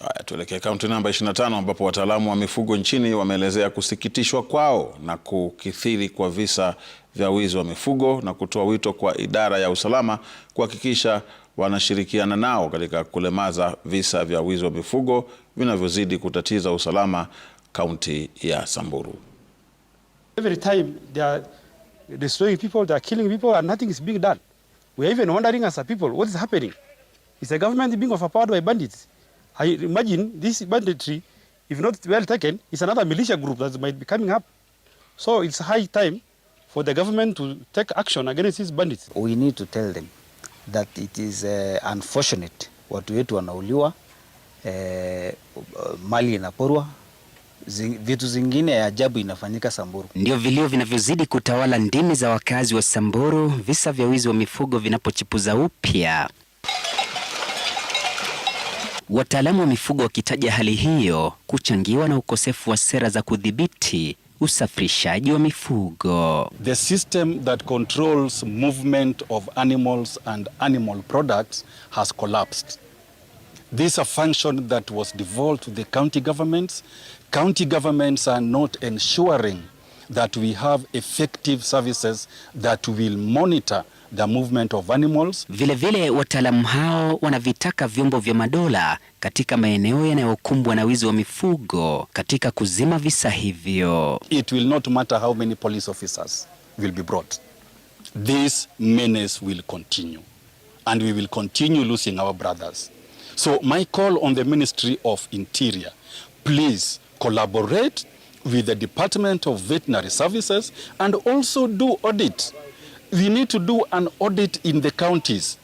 Haya, tuelekee kaunti namba 25 ambapo wataalamu wa mifugo nchini wameelezea kusikitishwa kwao na kukithiri kwa visa vya wizi wa mifugo na kutoa wito kwa idara ya usalama kuhakikisha wanashirikiana nao katika kulemaza visa vya wizi wa mifugo vinavyozidi kutatiza usalama kaunti ya Samburu. Every time they are destroying people, they are killing people and nothing is being done. We are even wondering as a people what is happening. Is the government being overpowered by bandits? I imagine this banditry, if not well taken, is another militia group that might be coming up. So it's high time for the government to take action against these bandits. We need to tell them that it is uh, unfortunate watu wetu wanauliwa, eh, mali inaporwa Zing, vitu zingine ya ajabu inafanyika Samburu. Ndio vilio vinavyozidi kutawala ndimi za wakazi wa Samburu, visa vya wizi wa mifugo vinapochipuza upya. Wataalamu wa mifugo wakitaja hali hiyo kuchangiwa na ukosefu wa sera za kudhibiti usafirishaji wa mifugo. The system that controls movement of animals and animal products has collapsed. This is a function that was devolved to the county governments. County governments are not ensuring that we have effective services that will monitor the movement of animals. Vilevile wataalamu hao wanavitaka vyombo vya madola katika maeneo yanayokumbwa na wizi wa mifugo katika kuzima visa hivyo. It will not matter how many police officers will be brought. This menace will continue and we will continue losing our brothers. So my call on the Ministry of Interior, please collaborate with the Department of Veterinary Services and also do audit. We need to do an audit in the counties.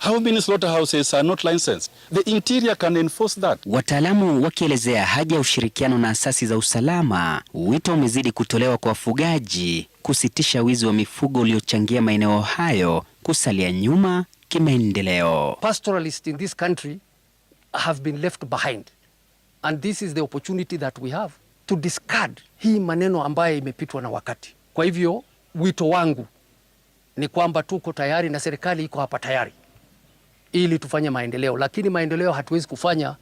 How many slaughterhouses are not licensed? The interior can enforce that. Wataalamu wakielezea haja ya ushirikiano na asasi za usalama, wito umezidi kutolewa kwa wafugaji kusitisha wizi wa mifugo uliochangia maeneo hayo kusalia nyuma kimaendeleo. Pastoralists in this country have been left behind and this is the opportunity that we have to discard hii maneno ambayo imepitwa na wakati. Kwa hivyo wito wangu ni kwamba tuko tayari na serikali iko hapa tayari ili tufanye maendeleo, lakini maendeleo hatuwezi kufanya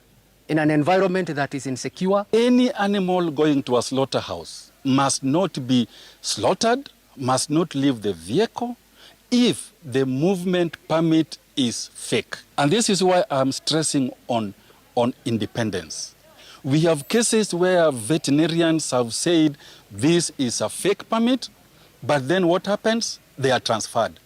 in an environment that is insecure. Any animal going to a slaughterhouse must not be slaughtered, must not leave the vehicle if the movement permit is fake. And this is why I'm stressing on, on independence. We have cases where veterinarians have said this is a fake permit, but then what happens? They are transferred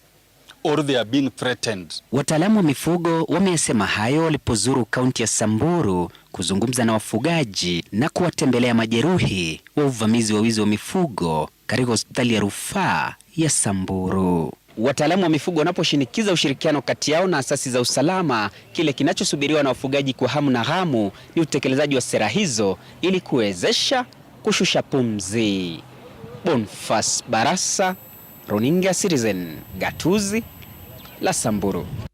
or they are being threatened. Wataalamu wa mifugo wamesema hayo walipozuru kaunti ya Samburu kuzungumza na wafugaji na kuwatembelea majeruhi wa uvamizi wa wizi wa mifugo katika hospitali ya rufaa ya Samburu. Wataalamu wa mifugo wanaposhinikiza ushirikiano kati yao na asasi za usalama, kile kinachosubiriwa na wafugaji kwa hamu na ghamu ni utekelezaji wa sera hizo ili kuwezesha kushusha pumzi. Bonfas Barasa, Runinga Citizen, Gatuzi la Samburu.